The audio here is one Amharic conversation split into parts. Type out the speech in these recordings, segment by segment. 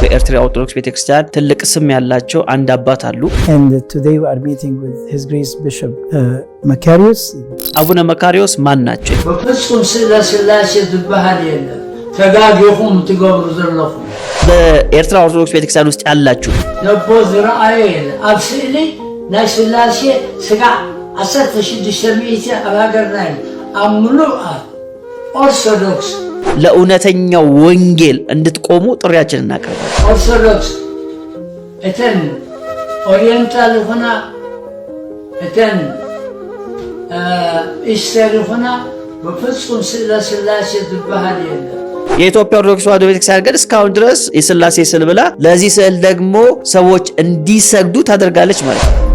በኤርትራ ኦርቶዶክስ ቤተክርስቲያን ትልቅ ስም ያላቸው አንድ አባት አሉ። uh, አቡነ መካሪዎስ ማን ናቸው? በፍጹም ስለ ስላሴ ዝበሃል የለም ተጋጌኹም ትገብሩ ዘለኹ በኤርትራ ኦርቶዶክስ ቤተክርስቲያን ውስጥ ያላችሁ ነቦ ዝረአየ የለ ኣብ ስእሊ ናይ ስላሴ ስጋ 16 ሽዱሽተ ኣብ ሃገርና አምሉአት ኦርቶዶክስ ለእውነተኛው ወንጌል እንድትቆሙ ጥሪያችን እናቀርባለን። ኦርቶዶክስ እተን ኦሪየንታል ሆና እተን ኢስተር ሆና በፍጹም ስለ ስላሴ የኢትዮጵያ ኦርቶዶክስ ተዋህዶ ቤተክርስቲያን ግን እስካሁን ድረስ የስላሴ ስዕል ብላ ለዚህ ስዕል ደግሞ ሰዎች እንዲሰግዱ ታደርጋለች ማለት ነው።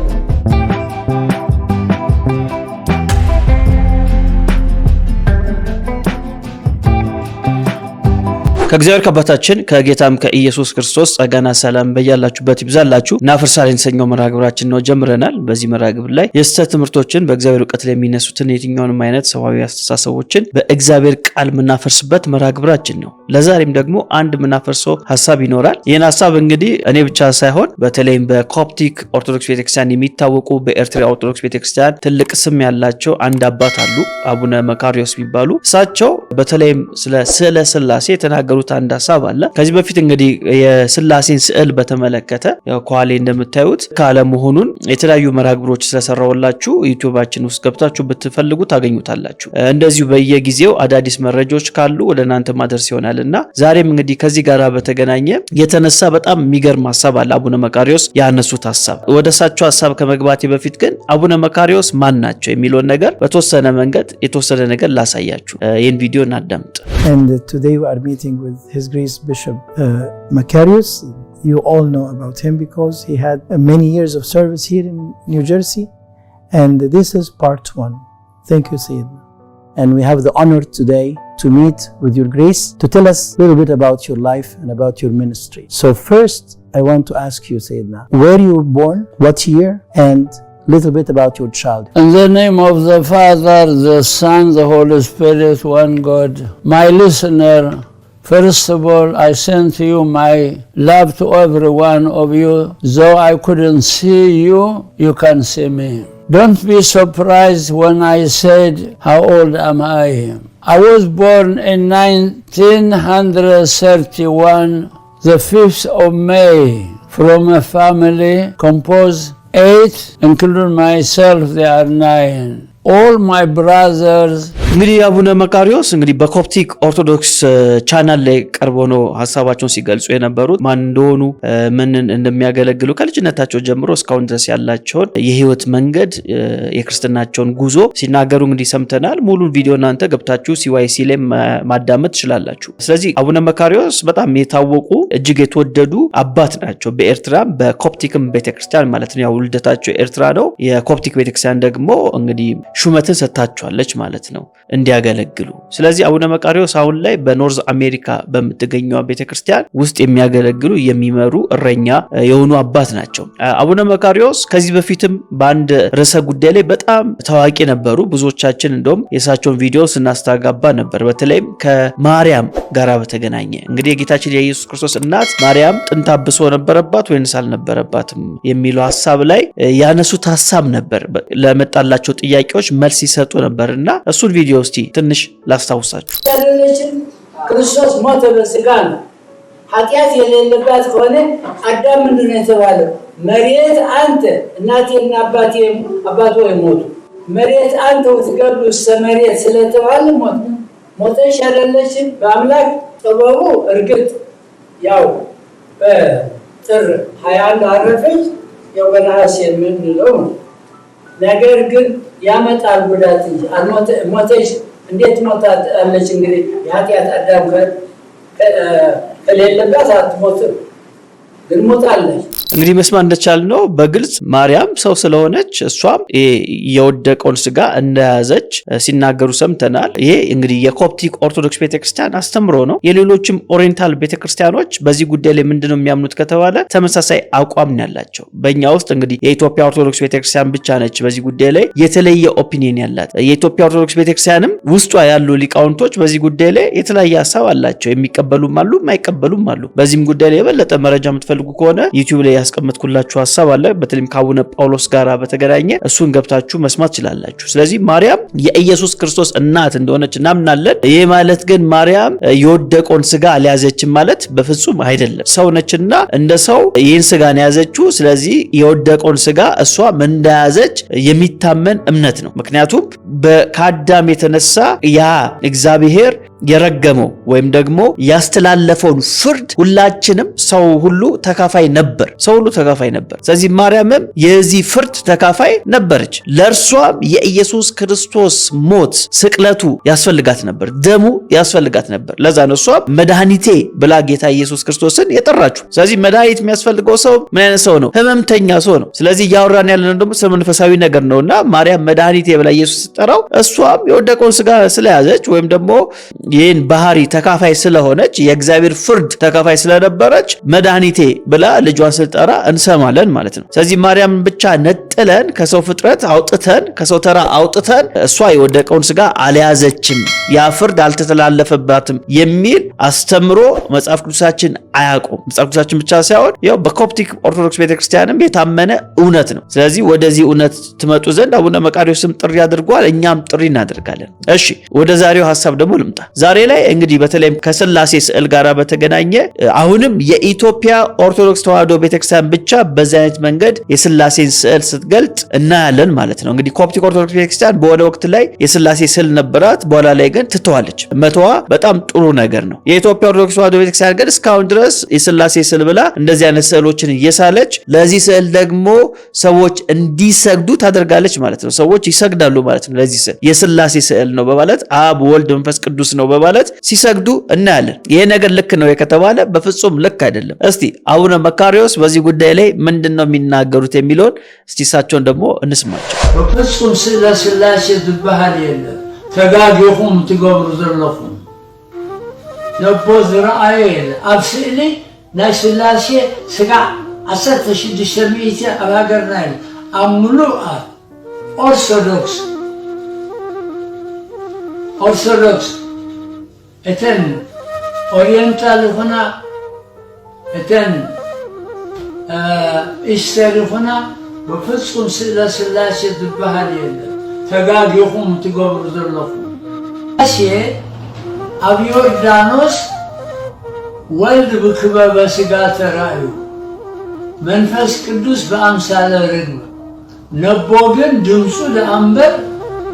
ከእግዚአብሔር ከአባታችን ከጌታም ከኢየሱስ ክርስቶስ ጸጋና ሰላም በያላችሁበት ይብዛላችሁ። እናፈርሳለን የተሰኘው መርሃ ግብራችን ነው ጀምረናል። በዚህ መርሃ ግብር ላይ የስህተት ትምህርቶችን በእግዚአብሔር እውቀት ላይ የሚነሱትን የትኛውንም አይነት ሰብአዊ አስተሳሰቦችን በእግዚአብሔር ቃል የምናፈርስበት መርሃ ግብራችን ነው። ለዛሬም ደግሞ አንድ የምናፈርሰው ሀሳብ ይኖራል። ይህን ሀሳብ እንግዲህ እኔ ብቻ ሳይሆን በተለይም በኮፕቲክ ኦርቶዶክስ ቤተክርስቲያን የሚታወቁ በኤርትራ ኦርቶዶክስ ቤተክርስቲያን ትልቅ ስም ያላቸው አንድ አባት አሉ፣ አቡነ መካሪዎስ የሚባሉ እሳቸው በተለይም ስለ ስዕለ ስላሴ የተናገሩት አንድ ሀሳብ አለ። ከዚህ በፊት እንግዲህ የስላሴን ስዕል በተመለከተ ከኋላ እንደምታዩት ካለመሆኑን የተለያዩ መራግብሮች ስለሰራውላችሁ ዩቲዩባችን ውስጥ ገብታችሁ ብትፈልጉ ታገኙታላችሁ። እንደዚሁ በየጊዜው አዳዲስ መረጃዎች ካሉ ወደ እናንተ ማድረስ ይሆናል። ይገኛል እና ዛሬም እንግዲህ ከዚህ ጋር በተገናኘ የተነሳ በጣም የሚገርም ሀሳብ አለ አቡነ መቃሪዎስ ያነሱት ሀሳብ። ወደ እሳቸው ሀሳብ ከመግባቴ በፊት ግን አቡነ መቃሪዎስ ማን ናቸው የሚለውን ነገር በተወሰነ መንገድ የተወሰነ ነገር ላሳያችሁ። ይህን ቪዲዮ እናዳምጥ። You all know about him because he had many years of service here in New Jersey. And this is part one. Thank you, Sayyidina. and we have the honor today to meet with your grace to tell us a little bit about your life and about your ministry. So, first, I want to ask you, Sayyidina, where you were born, what year, and little bit about your child. In the name of the Father, the Son, the Holy Spirit, one God. My listener, First of all, I send you my love to every one of you. Though I couldn't see you, you can see me. Don't be surprised when I said, How old am I? I was born in 1931, the 5th of May, from a family composed eight, including myself, there are nine. All my brothers እንግዲህ አቡነ መቃሪዎስ እንግዲህ በኮፕቲክ ኦርቶዶክስ ቻናል ላይ ቀርቦ ነው ሀሳባቸውን ሲገልጹ የነበሩት ማን እንደሆኑ ምንን እንደሚያገለግሉ ከልጅነታቸው ጀምሮ እስካሁን ድረስ ያላቸውን የህይወት መንገድ የክርስትናቸውን ጉዞ ሲናገሩ እንግዲህ ሰምተናል። ሙሉ ቪዲዮ እናንተ ገብታችሁ ሲዋይሲ ላይ ማዳመጥ ትችላላችሁ። ስለዚህ አቡነ መካሪዎስ በጣም የታወቁ እጅግ የተወደዱ አባት ናቸው። በኤርትራም በኮፕቲክም ቤተክርስቲያን ማለት ነው። ያው ውልደታቸው ኤርትራ ነው። የኮፕቲክ ቤተክርስቲያን ደግሞ እንግዲህ ሹመትን ሰጥታችኋለች ማለት ነው። እንዲያገለግሉ። ስለዚህ አቡነ መቃሪዎስ አሁን ላይ በኖርዝ አሜሪካ በምትገኘው ቤተክርስቲያን ውስጥ የሚያገለግሉ የሚመሩ እረኛ የሆኑ አባት ናቸው። አቡነ መቃሪዎስ ከዚህ በፊትም በአንድ ርዕሰ ጉዳይ ላይ በጣም ታዋቂ ነበሩ። ብዙዎቻችን እንደውም የእሳቸውን ቪዲዮ ስናስተጋባ ነበር። በተለይም ከማርያም ጋር በተገናኘ እንግዲህ የጌታችን የኢየሱስ ክርስቶስ እናት ማርያም ጥንተ አብሶ ነበረባት ወይንስ አልነበረባትም የሚለው ሀሳብ ላይ ያነሱት ሀሳብ ነበር። ለመጣላቸው ጥያቄዎች መልስ ይሰጡ ነበር እና እሱን ቪዲዮ ቪዲዮ እስቲ ትንሽ ላስታውሳችሁ። ያደረችን ክርስቶስ ሞተ በስጋ ነው። ኃጢአት የሌለባት ከሆነ አዳም ምንድን ነው የተባለው? መሬት አንተ እናቴና አባቴ አባቶ ሞቱ። መሬት አንተ ውትገብ ውስተ መሬት ስለተባለ ሞት ሞተሽ ያደለችን በአምላክ ጥበቡ እርግጥ ያው በጥር ሀያ አንድ አረፈች። ያው በነሐሴ የምንለው ነው ነገር ግን ያመጣል ጉዳት እንጂ ሞተሽ እንዴት ሞታለች? እንግዲህ የኃጢአት አዳም ከሌለባት አትሞትም፣ ግን ሞታለች። እንግዲህ መስማት እንደቻልነው በግልጽ ማርያም ሰው ስለሆነች እሷም የወደቀውን ስጋ እንደያዘች ሲናገሩ ሰምተናል። ይሄ እንግዲህ የኮፕቲክ ኦርቶዶክስ ቤተክርስቲያን አስተምሮ ነው። የሌሎችም ኦሪየንታል ቤተክርስቲያኖች በዚህ ጉዳይ ላይ ምንድነው የሚያምኑት ከተባለ ተመሳሳይ አቋም ያላቸው። በእኛ ውስጥ እንግዲህ የኢትዮጵያ ኦርቶዶክስ ቤተክርስቲያን ብቻ ነች በዚህ ጉዳይ ላይ የተለየ ኦፒኒየን ያላት። የኢትዮጵያ ኦርቶዶክስ ቤተክርስቲያንም ውስጧ ያሉ ሊቃውንቶች በዚህ ጉዳይ ላይ የተለያየ ሀሳብ አላቸው። የሚቀበሉም አሉ፣ የማይቀበሉም አሉ። በዚህም ጉዳይ ላይ የበለጠ መረጃ የምትፈልጉ ከሆነ ዩቲዩብ ላይ ያስቀመጥኩላችሁ ሀሳብ አለ። በተለይም ከአቡነ ጳውሎስ ጋር በተገናኘ እሱን ገብታችሁ መስማት ችላላችሁ። ስለዚህ ማርያም የኢየሱስ ክርስቶስ እናት እንደሆነች እናምናለን። ይህ ማለት ግን ማርያም የወደቀውን ስጋ አልያዘችም ማለት በፍጹም አይደለም። ሰው ነችና እንደ ሰው ይህን ስጋ ነው የያዘችው። ስለዚህ የወደቀውን ስጋ እሷ እንደያዘች የሚታመን እምነት ነው። ምክንያቱም ከአዳም የተነሳ ያ እግዚአብሔር የረገመው ወይም ደግሞ ያስተላለፈውን ፍርድ ሁላችንም ሰው ሁሉ ተካፋይ ነበር። ሰው ሁሉ ተካፋይ ነበር። ስለዚህ ማርያምም የዚህ ፍርድ ተካፋይ ነበረች። ለእርሷም የኢየሱስ ክርስቶስ ሞት፣ ስቅለቱ ያስፈልጋት ነበር፣ ደሙ ያስፈልጋት ነበር። ለዛ ነው እሷም መድኃኒቴ ብላ ጌታ ኢየሱስ ክርስቶስን የጠራችሁ። ስለዚህ መድኃኒት የሚያስፈልገው ሰው ምን አይነት ሰው ነው? ህመምተኛ ሰው ነው። ስለዚህ እያወራን ያለ ደግሞ ስለ መንፈሳዊ ነገር ነውና ማርያም መድኃኒቴ ብላ ኢየሱስ ስጠራው እሷም የወደቀውን ስጋ ስለያዘች ወይም ደግሞ ይህን ባህሪ ተካፋይ ስለሆነች የእግዚአብሔር ፍርድ ተካፋይ ስለነበረች መድኃኒቴ ብላ ልጇን ስትጠራ እንሰማለን ማለት ነው። ስለዚህ ማርያምን ብቻ ነጥለን ከሰው ፍጥረት አውጥተን ከሰው ተራ አውጥተን እሷ የወደቀውን ስጋ አልያዘችም፣ ያ ፍርድ አልተተላለፈባትም የሚል አስተምሮ መጽሐፍ ቅዱሳችን አያውቁም። መጽሐፍ ቅዱሳችን ብቻ ሳይሆን ያው በኮፕቲክ ኦርቶዶክስ ቤተክርስቲያንም የታመነ እውነት ነው። ስለዚህ ወደዚህ እውነት ትመጡ ዘንድ አቡነ መቃሪዎስም ጥሪ አድርጓል፣ እኛም ጥሪ እናደርጋለን። እሺ ወደ ዛሬው ሀሳብ ደግሞ ልምጣ። ዛሬ ላይ እንግዲህ በተለይም ከስላሴ ስዕል ጋር በተገናኘ አሁንም የኢትዮጵያ ኦርቶዶክስ ተዋህዶ ቤተክርስቲያን ብቻ በዚህ አይነት መንገድ የስላሴን ስዕል ስትገልጥ እናያለን ማለት ነው። እንግዲህ ኮፕቲክ ኦርቶዶክስ ቤተክርስቲያን በሆነ ወቅት ላይ የስላሴ ስዕል ነበራት፣ በኋላ ላይ ግን ትተዋለች። መተዋ በጣም ጥሩ ነገር ነው። የኢትዮጵያ ኦርቶዶክስ ተዋህዶ ቤተክርስቲያን ግን እስካሁን ድረስ የስላሴ ስዕል ብላ እንደዚህ አይነት ስዕሎችን እየሳለች ለዚህ ስዕል ደግሞ ሰዎች እንዲሰግዱ ታደርጋለች ማለት ነው። ሰዎች ይሰግዳሉ ማለት ነው። ለዚህ ስዕል የስላሴ ስዕል ነው በማለት አብ ወልድ መንፈስ ቅዱስ ነው ነው በማለት ሲሰግዱ እናያለን። ይሄ ነገር ልክ ነው የከተባለ በፍጹም ልክ አይደለም። እስቲ አቡነ መካሪዎስ በዚህ ጉዳይ ላይ ምንድን ነው የሚናገሩት የሚለውን እስቲ እሳቸውን ደግሞ እንስማቸው። በፍጹም ስለ ስላሴ ዝበሃል የለ ተጋጌኹም ትገብሩ ዘለኹም ነቦ ዝረአዮ የለ ኣብ ስእሊ ናይ ስላሴ ስጋዕ ዓሰርተ ሽዱሽተ ሚእቲ ኣብ ሃገርና ኢለ ኣብ ምሉኣት ኦርቶዶክስ ኦርቶዶክስ اتن اورينتال هنا اتن ايستر هنا بفصكم سلا سلا سيد البحر يلا تقال يخوم تقوم رزر لكم اسيه ابيور دانوس ولد بكبه بسيقات رأيو منفس قدوس بأمسال رجل نبوغن دمسو لأمبر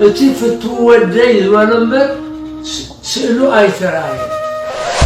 اتي فتو ودي الولنبر 실로아이스라는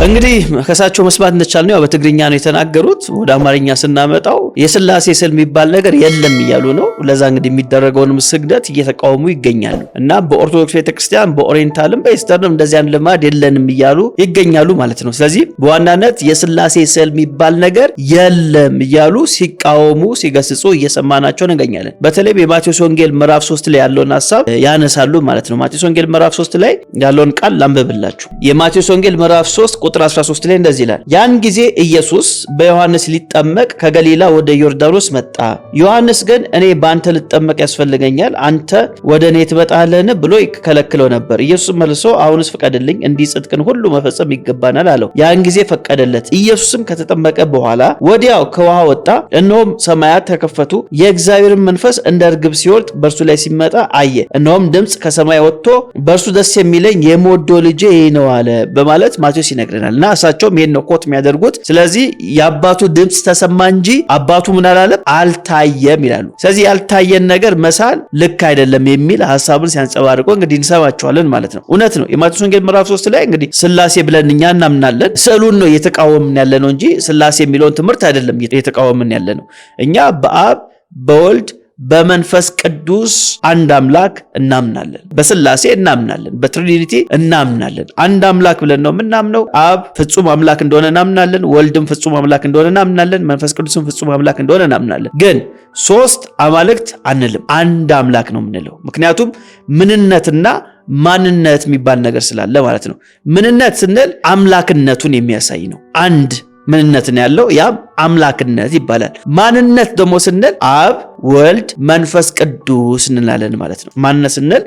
እንግዲህ ከሳቸው መስማት እንደቻል ነው በትግርኛ ነው የተናገሩት። ወደ አማርኛ ስናመጣው የስላሴ ስል የሚባል ነገር የለም እያሉ ነው። ለዛ እንግዲህ የሚደረገውንም ስግደት እየተቃወሙ ይገኛሉ እና በኦርቶዶክስ ቤተክርስቲያን፣ በኦሪንታልም በኢስተርንም እንደዚያን ልማድ የለንም እያሉ ይገኛሉ ማለት ነው። ስለዚህ በዋናነት የስላሴ ስል የሚባል ነገር የለም እያሉ ሲቃወሙ፣ ሲገስጹ እየሰማናቸው እንገኛለን። በተለይ የማቴዎስ ወንጌል ምዕራፍ ሶስት ላይ ያለውን ሀሳብ ያነሳሉ ማለት ነው። ማቴዎስ ወንጌል ምዕራፍ ሶስት ላይ ያለውን ቃል ላንብብላችሁ። የማቴዎስ ወንጌል ምዕራፍ ሶስት ቁጥር 13 ላይ እንደዚህ ይላል፣ ያን ጊዜ ኢየሱስ በዮሐንስ ሊጠመቅ ከገሊላ ወደ ዮርዳኖስ መጣ። ዮሐንስ ግን እኔ በአንተ ልጠመቅ ያስፈልገኛል፣ አንተ ወደ እኔ ትመጣለህን? ብሎ ይከለክለው ነበር። ኢየሱስ መልሶ አሁንስ ፍቀድልኝ፣ እንዲህ ጽድቅን ሁሉ መፈጸም ይገባናል አለው። ያን ጊዜ ፈቀደለት። ኢየሱስም ከተጠመቀ በኋላ ወዲያው ከውሃ ወጣ። እነሆም ሰማያት ተከፈቱ፣ የእግዚአብሔርን መንፈስ እንደ ርግብ ሲወርድ በእርሱ ላይ ሲመጣ አየ። እነሆም ድምፅ ከሰማይ ወጥቶ በእርሱ ደስ የሚለኝ የምወደው ልጄ ይህ ነው አለ በማለት ማቴዎስ ይነግራል። ይነግረናል። እና እሳቸውም ይሄን ነው ኮት የሚያደርጉት። ስለዚህ የአባቱ ድምፅ ተሰማ እንጂ አባቱ ምን አላለም አልታየም ይላሉ። ስለዚህ ያልታየን ነገር መሳል ልክ አይደለም የሚል ሀሳብን ሲያንጸባርቁ እንግዲህ እንሰማቸዋለን ማለት ነው። እውነት ነው። የማቴዎስ ወንጌል ምዕራፍ ሶስት ላይ እንግዲህ ስላሴ ብለን እኛ እናምናለን። ስዕሉን ነው እየተቃወምን ያለ ነው እንጂ ስላሴ የሚለውን ትምህርት አይደለም እየተቃወምን ያለ ነው። እኛ በአብ በወልድ በመንፈስ ቅዱስ አንድ አምላክ እናምናለን፣ በስላሴ እናምናለን፣ በትሪኒቲ እናምናለን። አንድ አምላክ ብለን ነው የምናምነው። አብ ፍጹም አምላክ እንደሆነ እናምናለን፣ ወልድም ፍጹም አምላክ እንደሆነ እናምናለን፣ መንፈስ ቅዱስም ፍጹም አምላክ እንደሆነ እናምናለን። ግን ሶስት አማልክት አንልም፣ አንድ አምላክ ነው የምንለው። ምክንያቱም ምንነትና ማንነት የሚባል ነገር ስላለ ማለት ነው። ምንነት ስንል አምላክነቱን የሚያሳይ ነው አንድ ምንነት ነው ያለው። ያም አምላክነት ይባላል። ማንነት ደግሞ ስንል አብ፣ ወልድ፣ መንፈስ ቅዱስ እንላለን ማለት ነው። ማንነት ስንል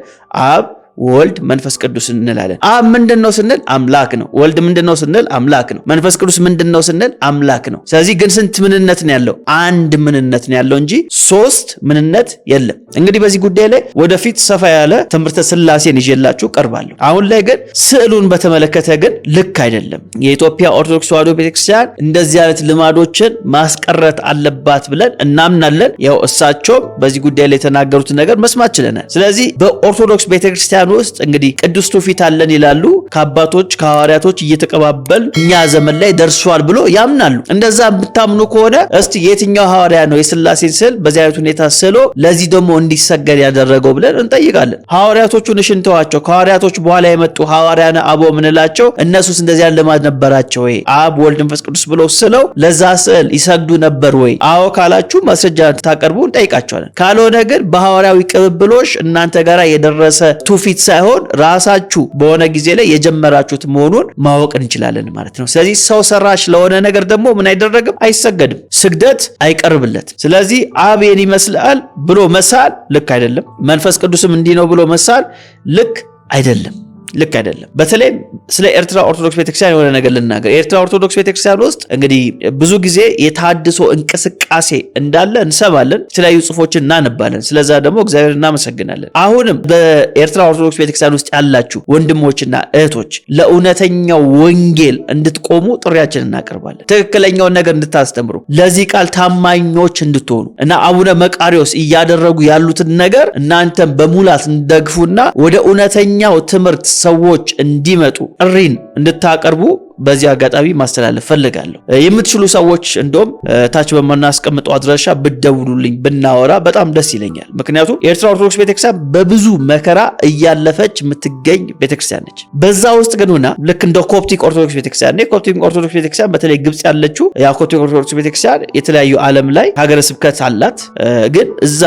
አብ ወልድ መንፈስ ቅዱስ እንላለን። አብ ምንድን ነው ስንል አምላክ ነው። ወልድ ምንድን ነው ስንል አምላክ ነው። መንፈስ ቅዱስ ምንድን ነው ስንል አምላክ ነው። ስለዚህ ግን ስንት ምንነት ነው ያለው? አንድ ምንነት ነው ያለው እንጂ ሶስት ምንነት የለም። እንግዲህ በዚህ ጉዳይ ላይ ወደፊት ሰፋ ያለ ትምህርተ ስላሴን ይዤላችሁ ቀርባለሁ። አሁን ላይ ግን ስዕሉን በተመለከተ ግን ልክ አይደለም። የኢትዮጵያ ኦርቶዶክስ ተዋዶ ቤተክርስቲያን እንደዚህ አይነት ልማዶችን ማስቀረት አለባት ብለን እናምናለን። ያው እሳቸው በዚህ ጉዳይ ላይ የተናገሩትን ነገር መስማት ችለናል። ስለዚህ በኦርቶዶክስ ቤተክርስቲያን ቤተክርስቲያን ውስጥ እንግዲህ ቅዱስ ትውፊት አለን ይላሉ። ከአባቶች ከሐዋርያቶች እየተቀባበል እኛ ዘመን ላይ ደርሷል ብሎ ያምናሉ። እንደዛ የምታምኑ ከሆነ እስቲ የትኛው ሐዋርያ ነው የስላሴን ስዕል በዚህ አይነት ሁኔታ ስሎ ለዚህ ደግሞ እንዲሰገድ ያደረገው ብለን እንጠይቃለን። ሐዋርያቶቹን ሽንተዋቸው ከሐዋርያቶች በኋላ የመጡ ሐዋርያነ አቦ ምንላቸው እነሱስ እንደዚህ ያለ ልማድ ነበራቸው ወይ? አብ ወልድ መንፈስ ቅዱስ ብለው ስለው ለዛ ስዕል ይሰግዱ ነበር ወይ? አዎ ካላችሁ ማስረጃ ታቀርቡ እንጠይቃቸዋለን። ካልሆነ ግን በሐዋርያዊ ቅብብሎሽ እናንተ ጋራ የደረሰ ትውፊት ድርጊት ሳይሆን ራሳችሁ በሆነ ጊዜ ላይ የጀመራችሁት መሆኑን ማወቅ እንችላለን ማለት ነው። ስለዚህ ሰው ሰራሽ ለሆነ ነገር ደግሞ ምን አይደረግም፣ አይሰገድም፣ ስግደት አይቀርብለትም። ስለዚህ አብን ይመስላል ብሎ መሳል ልክ አይደለም። መንፈስ ቅዱስም እንዲህ ነው ብሎ መሳል ልክ አይደለም። ልክ አይደለም። በተለይ ስለ ኤርትራ ኦርቶዶክስ ቤተክርስቲያን የሆነ ነገር ልናገር። የኤርትራ ኦርቶዶክስ ቤተክርስቲያን ውስጥ እንግዲህ ብዙ ጊዜ የታድሶ እንቅስቃሴ እንዳለ እንሰማለን፣ የተለያዩ ጽሁፎችን እናነባለን። ስለዛ ደግሞ እግዚአብሔር እናመሰግናለን። አሁንም በኤርትራ ኦርቶዶክስ ቤተክርስቲያን ውስጥ ያላችሁ ወንድሞችና እህቶች ለእውነተኛው ወንጌል እንድትቆሙ ጥሪያችን እናቀርባለን። ትክክለኛውን ነገር እንድታስተምሩ፣ ለዚህ ቃል ታማኞች እንድትሆኑ እና አቡነ መቃሪዎስ እያደረጉ ያሉትን ነገር እናንተን በሙላት እንደግፉና ወደ እውነተኛው ትምህርት ሰዎች እንዲመጡ ጥሪን እንድታቀርቡ በዚህ አጋጣሚ ማስተላለፍ ፈልጋለሁ። የምትችሉ ሰዎች እንደውም ታች በምናስቀምጠው አድራሻ ብደውሉልኝ ብናወራ በጣም ደስ ይለኛል። ምክንያቱም የኤርትራ ኦርቶዶክስ ቤተክርስቲያን በብዙ መከራ እያለፈች የምትገኝ ቤተክርስቲያን ነች። በዛ ውስጥ ግን ሆና ልክ እንደ ኮፕቲክ ኦርቶዶክስ ቤተክርስቲያን ኮፕቲክ ኦርቶዶክስ ቤተክርስቲያን በተለይ ግብጽ ያለችው ያ ኮፕቲክ ኦርቶዶክስ ቤተክርስቲያን የተለያዩ ዓለም ላይ ሀገረ ስብከት አላት። ግን እዛ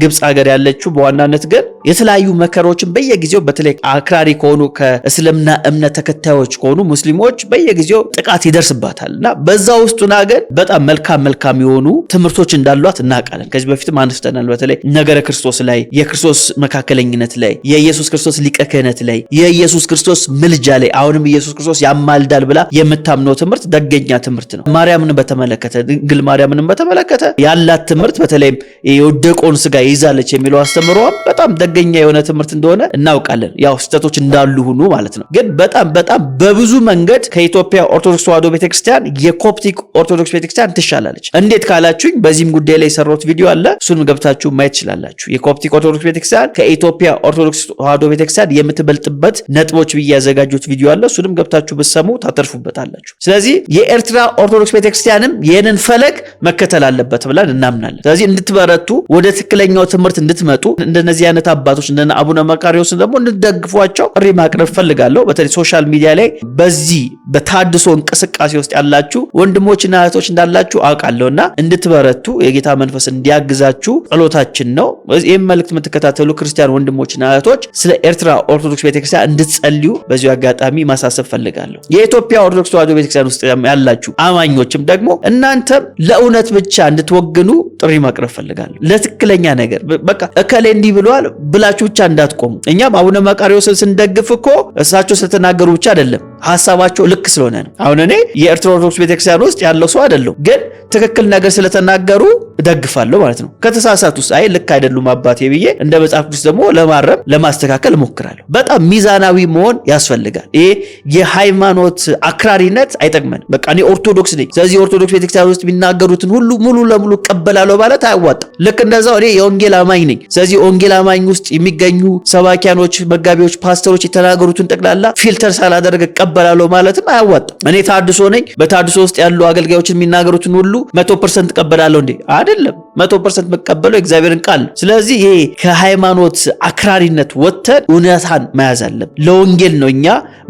ግብፅ ሀገር ያለችው በዋናነት ግን የተለያዩ መከራዎችን በየጊዜው በተለይ አክራሪ ከሆኑ ከእስልምና እምነት ተከታዮች ከሆኑ ሙስሊሞች በየጊዜው ጥቃት ይደርስባታል እና በዛ ውስጡና ግን በጣም መልካም መልካም የሆኑ ትምህርቶች እንዳሏት እናውቃለን። ከዚህ በፊትም አንስተናል። በተለይ ነገረ ክርስቶስ ላይ፣ የክርስቶስ መካከለኝነት ላይ፣ የኢየሱስ ክርስቶስ ሊቀ ክህነት ላይ፣ የኢየሱስ ክርስቶስ ምልጃ ላይ አሁንም ኢየሱስ ክርስቶስ ያማልዳል ብላ የምታምነው ትምህርት ደገኛ ትምህርት ነው። ማርያምን በተመለከተ ድንግል ማርያምንም በተመለከተ ያላት ትምህርት በተለይም የወደቀውን ስጋ ይዛለች የሚለው አስተምሮዋም በጣም ደገኛ የሆነ ትምህርት እንደሆነ እናውቃለን። ያው ስህተቶች እንዳሉ ሁኑ ማለት ነው። ግን በጣም በጣም በብዙ መንገድ ከኢትዮጵያ ኦርቶዶክስ ተዋህዶ ቤተክርስቲያን የኮፕቲክ ኦርቶዶክስ ቤተክርስቲያን ትሻላለች። እንዴት ካላችሁኝ በዚህም ጉዳይ ላይ የሰራሁት ቪዲዮ አለ። እሱንም ገብታችሁ ማየት ትችላላችሁ። የኮፕቲክ ኦርቶዶክስ ቤተክርስቲያን ከኢትዮጵያ ኦርቶዶክስ ተዋዶ ቤተክርስቲያን የምትበልጥበት ነጥቦች ብዬ ያዘጋጁት ቪዲዮ አለ። እሱንም ገብታችሁ ብትሰሙ ታተርፉበታላችሁ። ስለዚህ የኤርትራ ኦርቶዶክስ ቤተክርስቲያንም ይህንን ፈለግ መከተል አለበት ብለን እናምናለን። ስለዚህ እንድትበረቱ ወደ ትክክለኛው ትምህርት እንድትመጡ እንደነዚህ አይነት አባቶች እንደ አቡነ መቃሪዎስን ደግሞ እንድትደግፏቸው ጥሪ ማቅረብ ፈልጋለሁ። በተለይ ሶሻል ሚዲያ ላይ በዚህ በታድሶ እንቅስቃሴ ውስጥ ያላችሁ ወንድሞችና እህቶች እንዳላችሁ አውቃለሁና እንድትበረቱ የጌታ መንፈስ እንዲያግዛችሁ ጸሎታችን ነው። ይህም መልእክት የምትከታተሉ ክርስቲያን ወንድሞችና እህቶች ስለ ኤርትራ ኦርቶዶክስ ቤተክርስቲያን እንድትጸልዩ በዚሁ አጋጣሚ ማሳሰብ ፈልጋለሁ። የኢትዮጵያ ኦርቶዶክስ ተዋሕዶ ቤተክርስቲያን ውስጥ ያላችሁ አማኞችም ደግሞ እናንተም ለእውነት ብቻ እንድትወግኑ ጥሪ ማቅረብ ፈልጋለሁ። ለትክክለኛ ነገር በቃ እከሌ እንዲህ ብለዋል ብላችሁ ብቻ እንዳትቆሙ። እኛም አቡነ መቃሪዎስን ስንደግፍ እኮ እሳቸው ስለተናገሩ ብቻ አይደለም ሀሳባቸው ልክ ስለሆነ ነው። አሁን እኔ የኤርትራ ኦርቶዶክስ ቤተክርስቲያን ውስጥ ያለው ሰው አይደለሁም፣ ግን ትክክል ነገር ስለተናገሩ እደግፋለሁ ማለት ነው። ከተሳሳት ውስጥ አይ ልክ አይደሉም አባቴ ብዬ እንደ መጽሐፍ ቅዱስ ደግሞ ለማረም ለማስተካከል እሞክራለሁ። በጣም ሚዛናዊ መሆን ያስፈልጋል። ይሄ የሃይማኖት አክራሪነት አይጠቅመን። በቃ እኔ ኦርቶዶክስ ነኝ፣ ስለዚህ ኦርቶዶክስ ቤተክርስቲያን ውስጥ የሚናገሩትን ሁሉ ሙሉ ለሙሉ እቀበላለሁ ማለት አያዋጣም። ልክ እንደዛው እኔ የወንጌል አማኝ ነኝ፣ ስለዚህ ወንጌል አማኝ ውስጥ የሚገኙ ሰባኪያኖች፣ መጋቢዎች፣ ፓስተሮች የተናገሩትን ጠቅላላ ፊልተር ሳላደርግ እቀበላለሁ ማለትም አያዋጣም። እኔ ታድሶ ነኝ፣ በታድሶ ውስጥ ያሉ አገልጋዮችን የሚናገሩትን ሁሉ መቶ ፐርሰንት እቀበላለሁ እንዴ? አይደለም። መቶ ፐርሰንት መቀበለው የእግዚአብሔርን ቃል ነው። ስለዚህ ይሄ ከሃይማኖት አክራሪነት ወጥተን እውነታን መያዝ አለብን። ለወንጌል ነው እኛ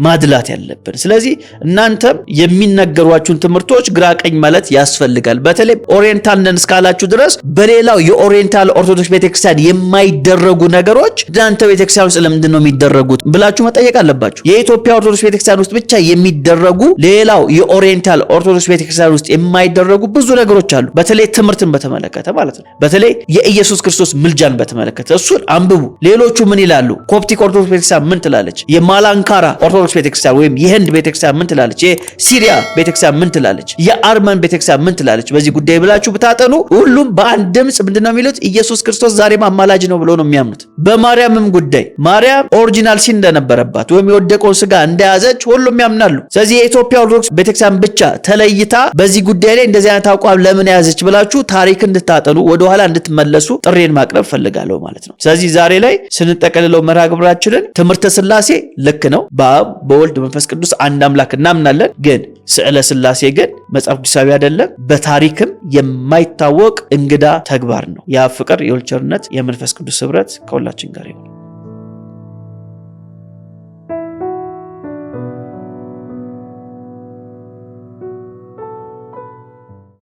ማድላት ያለብን። ስለዚህ እናንተም የሚነገሯችሁን ትምህርቶች ግራ ቀኝ ማለት ያስፈልጋል። በተለይ ኦሪየንታል ነን እስካላችሁ ድረስ በሌላው የኦሪየንታል ኦርቶዶክስ ቤተክርስቲያን የማይደረጉ ነገሮች እናንተ ቤተክርስቲያን ውስጥ ለምንድን ነው የሚደረጉት ብላችሁ መጠየቅ አለባችሁ። የኢትዮጵያ ኦርቶዶክስ ቤተክርስቲያን ውስጥ ብቻ የሚደረጉ ሌላው የኦሪየንታል ኦርቶዶክስ ቤተክርስቲያን ውስጥ የማይደረጉ ብዙ ነገሮች አሉ። በተለይ ትምህርትን በተ በተመለከተ ማለት ነው። በተለይ የኢየሱስ ክርስቶስ ምልጃን በተመለከተ እሱን አንብቡ። ሌሎቹ ምን ይላሉ? ኮፕቲክ ኦርቶዶክስ ቤተክርስቲያን ምን ትላለች? የማላንካራ ኦርቶዶክስ ቤተክርስቲያን ወይም የህንድ ቤተክርስቲያን ምን ትላለች? የሲሪያ ቤተክርስቲያን ምን ትላለች? የአርመን ቤተክርስቲያን ምን ትላለች? በዚህ ጉዳይ ብላችሁ ብታጠኑ ሁሉም በአንድ ድምፅ ምንድነው የሚሉት? ኢየሱስ ክርስቶስ ዛሬም አማላጅ ነው ብሎ ነው የሚያምኑት። በማርያምም ጉዳይ ማርያም ኦሪጂናል ሲን እንደነበረባት ወይም የወደቀውን ስጋ እንደያዘች ሁሉም ያምናሉ። ስለዚህ የኢትዮጵያ ኦርቶዶክስ ቤተክርስቲያን ብቻ ተለይታ በዚህ ጉዳይ ላይ እንደዚህ አይነት አቋም ለምን ያዘች ብላችሁ ታሪክ እንድታጠኑ ወደኋላ እንድትመለሱ ጥሬን ማቅረብ ፈልጋለሁ ማለት ነው። ስለዚህ ዛሬ ላይ ስንጠቀልለው መርሃ ግብራችንን ትምህርተ ስላሴ ልክ ነው፣ በአብ በወልድ መንፈስ ቅዱስ አንድ አምላክ እናምናለን። ግን ስዕለ ስላሴ ግን መጽሐፍ ቅዱሳዊ አይደለም፣ በታሪክም የማይታወቅ እንግዳ ተግባር ነው። ያ ፍቅር የወልድ ቸርነት የመንፈስ ቅዱስ ህብረት ከሁላችን ጋር ይሁን።